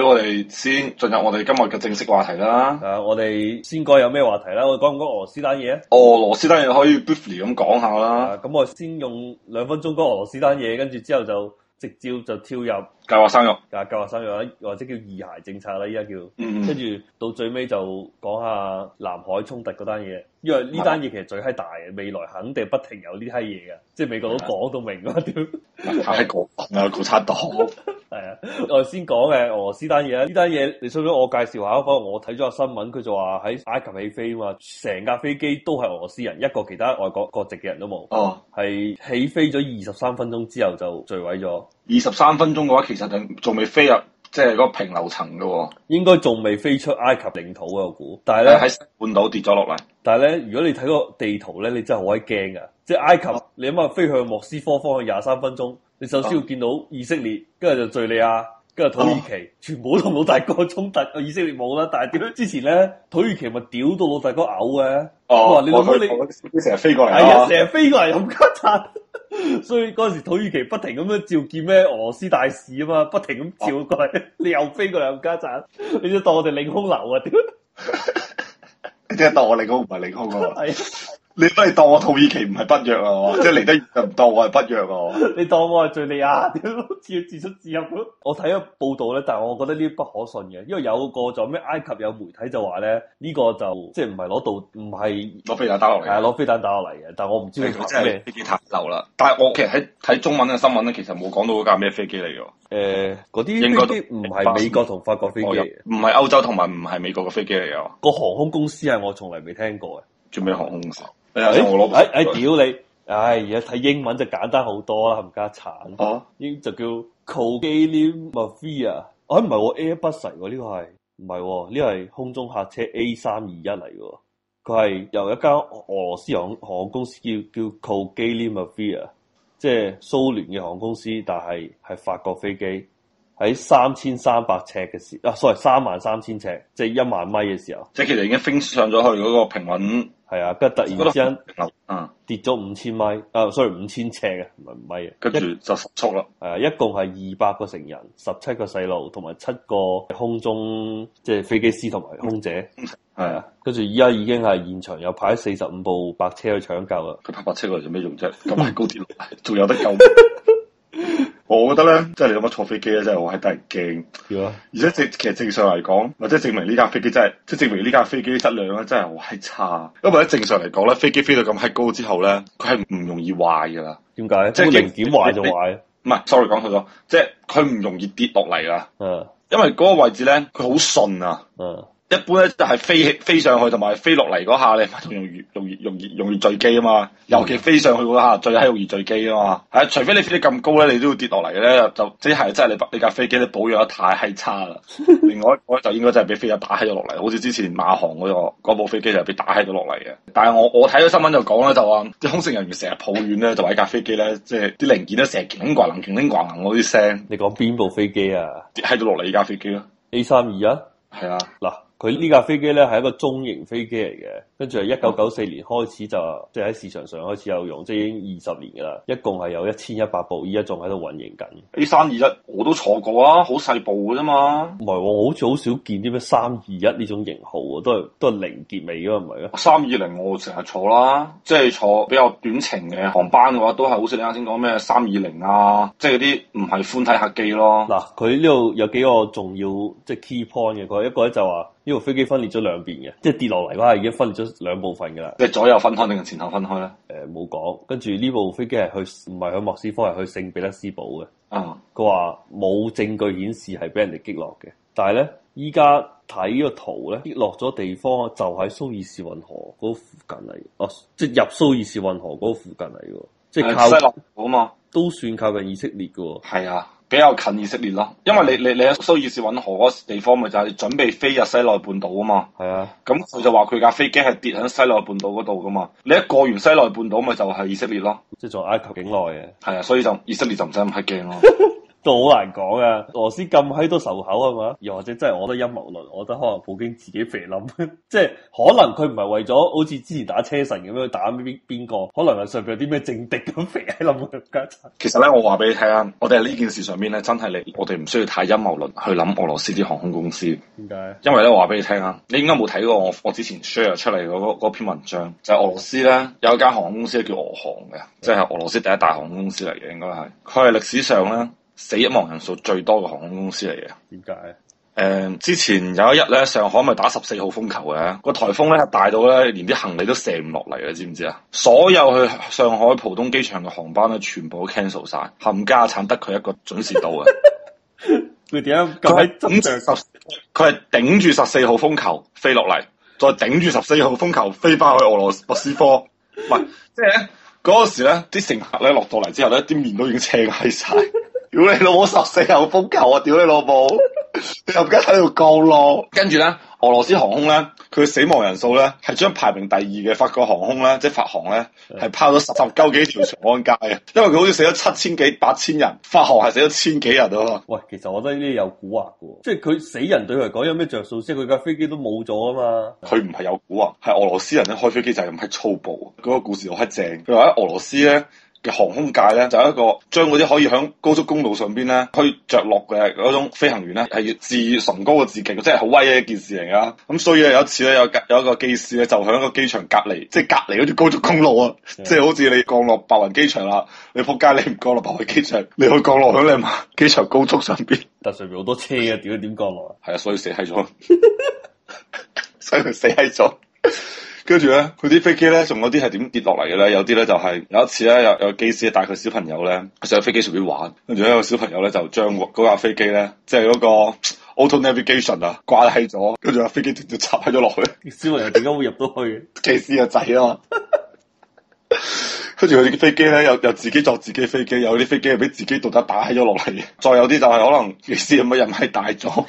我哋先進入我哋今日嘅正式話題啦。啊，我哋先講有咩話題啦？我哋講唔講俄羅斯單嘢啊？俄羅斯單嘢可以 briefly 咁講下啦。咁、啊、我先用兩分鐘講俄羅斯單嘢，跟住之後就直接就跳入。計劃生育啊，計劃生育或者叫二孩政策啦，依家叫，跟住、嗯、到最尾就講下南海衝突嗰單嘢，因為呢單嘢其實最閪大嘅，的未來肯定不停有呢閪嘢嘅，即係美國佬講到明啊，屌太過分啦，共產黨係啊，我先講嘅俄羅斯單嘢，呢單嘢你信唔我介紹下？不過我睇咗下新聞，佢就話喺埃及起飛啊嘛，成架飛機都係俄羅斯人，一個其他外國國籍嘅人都冇，哦，係起飛咗二十三分鐘之後就墜毀咗。二十三分鐘嘅話，其實仲仲未飛入即係個平流層嘅喎，應該仲未飛出埃及領土啊！我估，但係咧喺半島跌咗落嚟。但係咧，如果你睇個地圖咧，你真係好鬼驚㗎！即係埃及，你諗下飛向莫斯科方向廿三分鐘，你首先要見到以色列，跟住就敍利亞，跟住土耳其，全部都同老大哥衝突。個以色列冇啦，但係點咧？之前咧土耳其咪屌到老大哥嘔嘅？哦，你諗下你成日飛過嚟，係啊，成日飛過嚟咁急震。 所以嗰陣時土耳其不停咁樣召見咩俄羅斯大使啊嘛，不停咁召過嚟，啊、 你又飛過冚家鏟，你即係當我哋領空流啊？點？即係 當我領空唔係領空，那個， 啊？你都係當我土耳其唔係北約啊，即係嚟得就唔當我係北約啊。 你當我係敘利亞，點咯？自自出自入。我睇咗報道咧，但係我覺得呢啲不可信嘅，因為有個就咩埃及有媒體就話咧呢、這個就即係唔係攞到，唔係攞飛彈打落嚟，係攞飛彈打落嚟嘅。但係我唔知佢即係飛機彈漏啦。但係我其實喺睇中文嘅新聞咧，其實冇講到架咩飛機嚟嘅。誒、呃，嗰啲應該都唔係美國同法國飛機嚟，唔係歐洲同埋唔係美國嘅飛機嚟啊。個航空公司係我從來未聽過嘅，做咩航空誒，誒、哎，屌你！唉、哎，而家睇英文就簡單好多啦，冚家鏟。啊，英就叫 Kogalymavia 啊、哎，唔係，Airbus 嚟喎，呢個係，唔係、哦，呢個係空中客車 A 三二一嚟嘅。佢係由一間俄羅斯航航空公司叫叫 Kogalymavia 即係蘇聯嘅航空公司，但係係法國飛機，喺三千三百尺嘅時，啊，sorry，三萬三千尺，即係一萬米嘅時候。即係其實已經升上咗去嗰個平穩。係、嗯、啊，跟住突然之間，嗯，跌咗五千米，啊，sorry 五千尺嘅，唔係米，跟住就失速咯，係，一共係二百個成人，十七個細路，同埋七個空中即係飛機師同埋空姐，係啊、嗯，跟住依家已經係現場又派四十五部白車去搶救啦，佢拍白車過嚟做咩用啫？咁快高跌仲 有得救？ 我覺得咧，即係你諗下坐飛機咧，真係好係得人驚。Yeah. 而且正其實正常嚟講，或者證明呢架飛機真係，即係證明呢架飛機質量咧真係好閪差。因為喺正常嚟講咧，飛機飛到咁閪高之後咧，佢係唔容易壞㗎啦。點解？嗯，即係零件壞就壞。唔係，sorry，講錯咗。即係佢唔容易跌落嚟啦。Yeah. 因為嗰個位置咧，佢好順啊。嗯。Yeah. 一般咧就係飛起飛上去同埋飛落嚟嗰下你就容易容易容易容易墜機啊嘛。尤其飛上去嗰下最係容易墜機啊嘛。係除非你飛得咁高咧，你都要跌落嚟嘅咧，就即係真係你架飛機你保養得太差啦。另外，我就應該真係俾飛機打起咗落嚟，好似之前馬航嗰個部飛機就俾打起咗落嚟嘅。但係我我睇咗新聞就講咧，就話啲空乘人員成日抱怨咧，就話一架飛機咧，即係啲零件咧成日叮叮掛、叮叮掛，行嗰啲聲。你講邊部飛機啊？跌起咗落嚟依架飛機啊 A 三二啊？係啊，嗱。佢呢架飛機咧係一個中型飛機嚟嘅，跟住係一九九四年開始就即係喺市場上開始有用，即係已經二十年噶啦，一共係有一千一百部，依家仲喺度運營緊。呢三二一我都坐過啊，好細部嘅啫嘛。唔係喎，我好似好少見啲咩三二一呢種型號啊，都係都係零結尾嘅，唔係啊。三二零我成日坐啦，即係坐比較短程嘅航班嘅話，都係好似你啱先講咩三二零啊，即係嗰啲唔係寬體客機咯。嗱，佢呢度有幾個重要即係 key point 嘅，佢一個咧就話。呢部飛機分裂咗兩邊嘅，即係跌落嚟啦，已經分裂咗兩部分噶啦。即係左右分開定係前後分開咧？誒、呃，冇講。跟住呢部飛機係去，唔係去莫斯科，係去聖彼得斯堡嘅、嗯。啊，佢話冇證據顯示係俾人哋擊落嘅，但係咧，依家睇呢個圖咧，跌落咗地方就喺蘇伊士運河嗰附近嚟，哦、嗯，即係入蘇伊士運河嗰附近嚟嘅，即係靠西落島嘛，都算靠近以色列噶。係啊。比較近以色列咯，因為你你你喺蘇伊士運河嗰地方咪就係準備飛入西奈半島啊嘛，係啊，咁佢就話佢架飛機係跌喺西奈半島嗰度噶嘛，你一過完西奈半島咪就係以色列咯，即係仲喺埃及境內嘅，係啊，所以就以色列就唔使咁黑驚咯。 都好難講啊！俄羅斯咁閪多仇口啊嘛，又或者真係我都陰謀論，我覺得可能普京自己肥諗， 即係可能佢唔係為咗好似之前打車臣咁樣打邊邊個，可能係上邊有啲咩政敵咁肥喺諗 其實咧，我話俾你聽，我哋喺呢件事上邊咧，真係你我哋唔需要太陰謀論去諗俄羅斯啲航空公司。點解？因為咧，我話俾你聽啊，你應該冇睇過我我之前 share 出嚟嗰篇文章，就係俄羅斯咧有一間航空公司叫俄航嘅，即係俄羅斯第一大航空公司嚟嘅，應該係佢係歷史上咧。死亡人數最多嘅航空公司嚟嘅，點解？誒，um, 之前有一日咧，上海咪打十四號風球嘅，個台風咧大到咧，連啲行李都射唔落嚟嘅，知唔知啊？所有去上海浦東機場嘅航班咧，全部 cancel 晒，冚家產得佢一個準時到啊！佢點啊？佢喺頂住十，佢係頂住十四號風球飛落嚟，再頂住十四號風球飛翻去俄羅斯莫斯科。喂 是，即係咧嗰個時咧，啲乘客咧落到嚟之後咧，啲面都已經青起晒。屌你老母十四號風球啊！屌你老母，你 又唔加喺度告老？跟住咧，俄羅斯航空咧，佢死亡人數咧，係將排名第二嘅法國航空咧，即係法航咧，係拋咗十十鳩幾條長安街嘅。因為佢好似死咗七千幾八千人，法航係死咗千幾人咯。喂，其實我覺得呢啲有蠱惑嘅，即係佢死人對佢嚟講有咩着數先？佢架飛機都冇咗啊嘛。佢唔係有蠱惑，係俄羅斯人咧開飛機就係咁閪粗暴。嗰、那個故事好閪正。佢話喺俄羅斯咧，嘅航空界咧，就有、是、一個將嗰啲可以響高速公路上邊咧去着落嘅嗰種飛行員咧，係要至崇高嘅至極，即係好威嘅一件事嚟噶。咁所以呢有一次咧，有一有一個機師咧，就響個機場隔籬，即係隔籬嗰條高速公路啊，的即係好似你降落白雲機場啦，你仆街你唔降落白雲機場，你去降落響你啊機場高速上邊，但上邊好多車啊，點點降落啊？係啊， 所以死喺咗， 所以佢死喺咗。 跟住咧，佢啲飛機咧，仲有啲係點跌落嚟嘅咧。有啲咧就係、是、有一次咧，有有機師帶佢小朋友咧，上想喺飛機上面玩。跟住咧，個小朋友咧就將嗰架飛機咧，即係嗰個 auto navigation 啊，掛喺咗。跟住架飛機直接機插喺咗落去。小朋友點解會入到去？機師個仔吖嘛。 跟住佢啲飛機咧，又又自己坐自己飛機，有啲飛機係俾自己獨家打起咗落嚟，再有啲就係可能唔知有冇人係大咗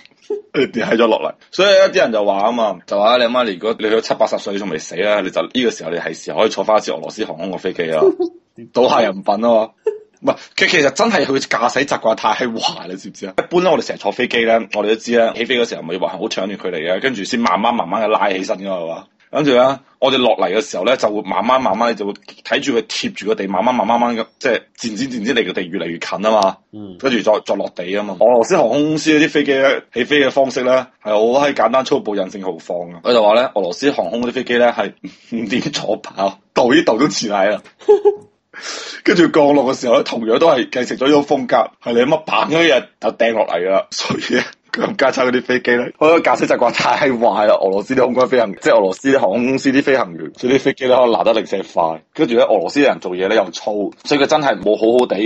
跌起咗落嚟，所以一啲人就話啊嘛，就話你阿媽如果你到七八十歲仲未死啦，你就呢、這個時候你係時候可以坐翻一次俄羅斯航空嘅飛機咯， 倒下人品咯，唔係佢其實真係佢駕駛習慣太壞你知唔知啊？一般咧我哋成日坐飛機咧，我哋都知咧起飛嗰時候唔係話好搶住佢離嘅，跟住先慢慢慢慢嘅拉起身噶係嘛？跟住咧，我哋落嚟嘅時候咧，就會慢慢慢慢就會睇住佢貼住個地，慢慢慢慢慢咁，即係漸漸漸漸離個地越嚟越近啊嘛。嘛嗯，跟住再著落地啊嘛。俄羅斯航空公司嗰啲飛機咧，起飛嘅方式咧係好閪簡單粗暴、人性豪放嘅。佢就話咧，俄羅斯航空啲飛機咧係五點左跑，到呢度都遲嚟啦。 跟住降落嘅時候咧，同樣都係繼承咗呢種風格，係你乜棒一日就掟落嚟㗎啦，所以。 佢唔加拆嗰啲飛機咧，我覺得駕駛習慣太壞啦。俄羅斯啲空軍飛行員，即係俄羅斯啲航空公司啲飛行員，所以啲飛機咧可能難得零舍快。跟住咧，俄羅斯人做嘢咧又粗，所以佢真係冇好好地咁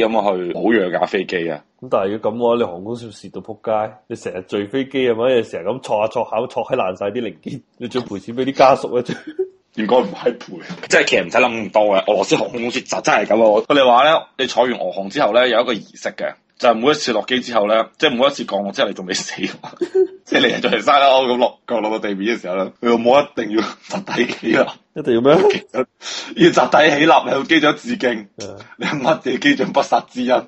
去保養架飛機啊。咁但係如果咁嘅話，你航空公司蝕到撲街，你成日墜飛機啊嘛，成日咁坐下坐下，坐喺爛晒啲零件，你仲賠錢俾啲家屬啊？如果唔係賠，即係其實唔使諗咁多嘅。俄羅斯航空公司就真係咁啊！我哋話咧，你坐完俄航之後咧，有一個儀式嘅。就每一次落機之後咧，即係每一次降落之後，你仲未死，即係你人就係嘥啦。我咁落降落到地面嘅時候咧，佢話冇一定要集體起立。一定要咩？要集體起立向機長致敬，的你係乜嘢機長不殺之恩？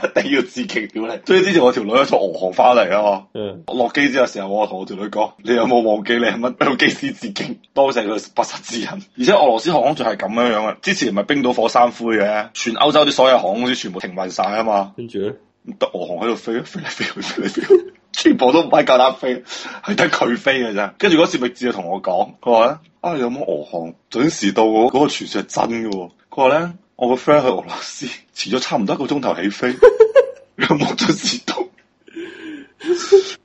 一定要自敬表你。所以之前我條女喺坐俄航翻嚟啊嘛，落機、嗯、之後成日我同我條女講，你有冇忘記你係乜登機先致敬，多謝佢不殺之恩。而且俄羅斯航空仲係咁樣樣嘅，之前唔係冰島火山灰嘅，全歐洲啲所有航空公司全部停運晒啊嘛。跟住咧，俄航喺度飛，飛嚟飛去飛嚟飛、飛，全部都唔係夠膽飛，係得佢飛嘅咋。次跟住嗰時咪自同我講，佢話啊，有冇俄航準時到嗰個傳說係真嘅，佢話咧。我個 friend 去俄羅斯，遲咗差唔多一個鐘頭起飛， 又冇準時到，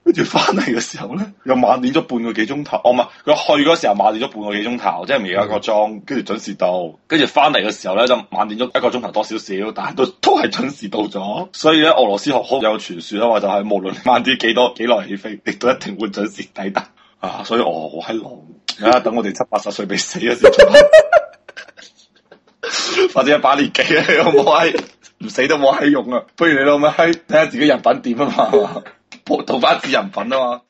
跟住翻嚟嘅時候咧又晚點咗半個幾鐘頭。哦唔係，佢去嗰時候晚點咗半個幾鐘頭，即係未有一個鐘，跟住準時到，跟住翻嚟嘅時候咧就晚點咗一個鐘頭多少少。但係都都係準時到咗。所以咧，俄羅斯學好有傳說啊，話就係、是、無論晚啲幾多幾耐起飛，亦都一定會準時抵達啊。所以我好嗨羅，等我哋七八十歲未死啊！ 或者一把年紀啊，冇閪，唔 死都冇閪用啊！不如你老味閪睇下自己人品點啊嘛，頭髮是人品啊嘛。